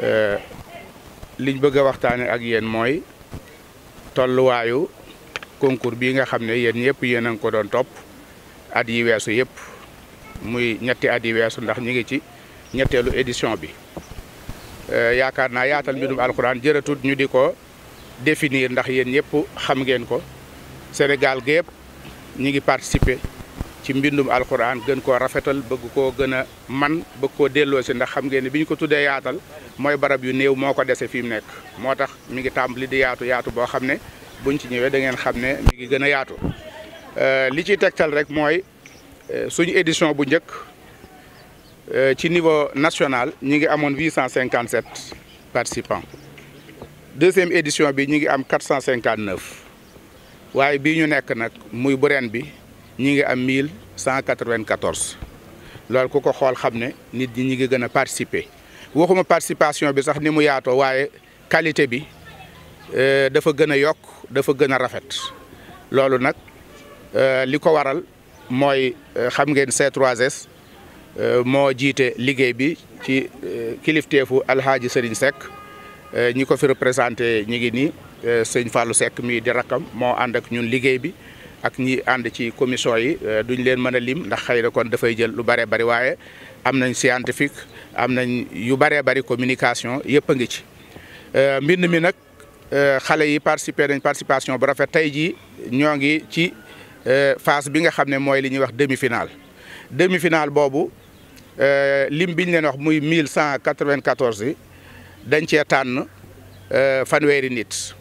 Euh, liñ bëgg a waxtaane ak yéen mooy tolluwaayu concours bii nga xam ne yéen ñëpp yéen a ngi ko doon topp at yi weesu yëpp muy ñetti at yi weesu ndax ñu ngi ci ñetteelu édition bi euh, yaakaar naa yaatal mbindum alxuraan jërëtut ñu di ko définir ndax yéen ñëpp xam ngeen ko Sénégal gépp ñi ngi participer ci mbindum alquran gën koo rafetal bëgg koo gën a man bëgg koo delloo si ndax xam ngeen ne bi ñu ko tuddee yaatal mooy barab yu néew moo ko dese fii mu nekk moo tax mu ngi tàmbali di yaatu yaatu boo xam ne buñ ci ñëwee da ngeen xam ne mi ngi gën a yaatu euh, li ciy tegtal rek mooy euh, suñu édition bu njëkk euh, ci niveau national ñi ngi amoon 857 participants deuxième édition bi ñu ngi am 459 waaye bii ñu nekk nag muy bu ren bi ñi ngi am mille cent quatre vingt loolu ku ko xool xam ne nit ñi ñi ngi gën a participer waxuma participation bi sax ni mu yaatoo waaye qualité bi euh, dafa gën a yokk dafa gën a rafet loolu nag euh, li ko waral mooy euh, xam ngeen C3S moo jiite liggéey bi ci kilifteefu Alhaaji Serigne Seck ñi ko fi représenté ñi ngi nii sëñ Fallou Seck mii di rakkam moo ànd ak ñun liggéey bi ak ñi ànd ci commission yi euh, duñ leen mën a lim ndax xëy na kon dafay jël lu bëree bëri waaye am nañ scientifique am nañ yu bëree bari communication yëpp a ngi ci euh, mbind mi nag euh, xale yi participer nañ participation bu rafet tey jii ñoo ngi ci phase bi nga xam ne mooy li ñuy wax demi-finale demi-finale boobu lim biñ leen wax muy mille cent quatre vingt dañ cee tànn fanweeri nit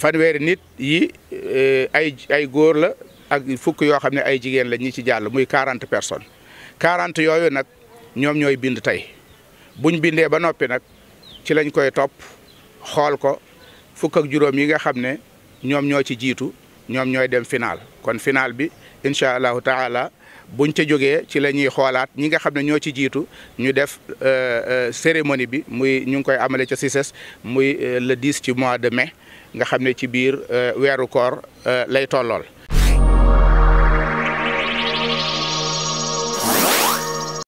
fanweeri nit yi eh, ay ay góor la ak fukk yoo xam ne ay jigéen la ñi ci jàll muy 40 personnes 40 yooyu nag ñoom ñooy bind tey buñ bindee ba noppi nag ci lañ koy topp xool ko fukk ak juróom yi nga xam ne ñoom ñoo ci jiitu ñoom ñooy dem final kon final bi incha allahu taala buñ ca jógee ci la ñuy xoolaat ñi nga xam ne ñoo ci jiitu ñu def euh, euh, cérémonie bi muy ñu ngi koy amale ca CICES muy euh, le 10 ci mois de mais nga xam ne ci biir weeru koor lay tollool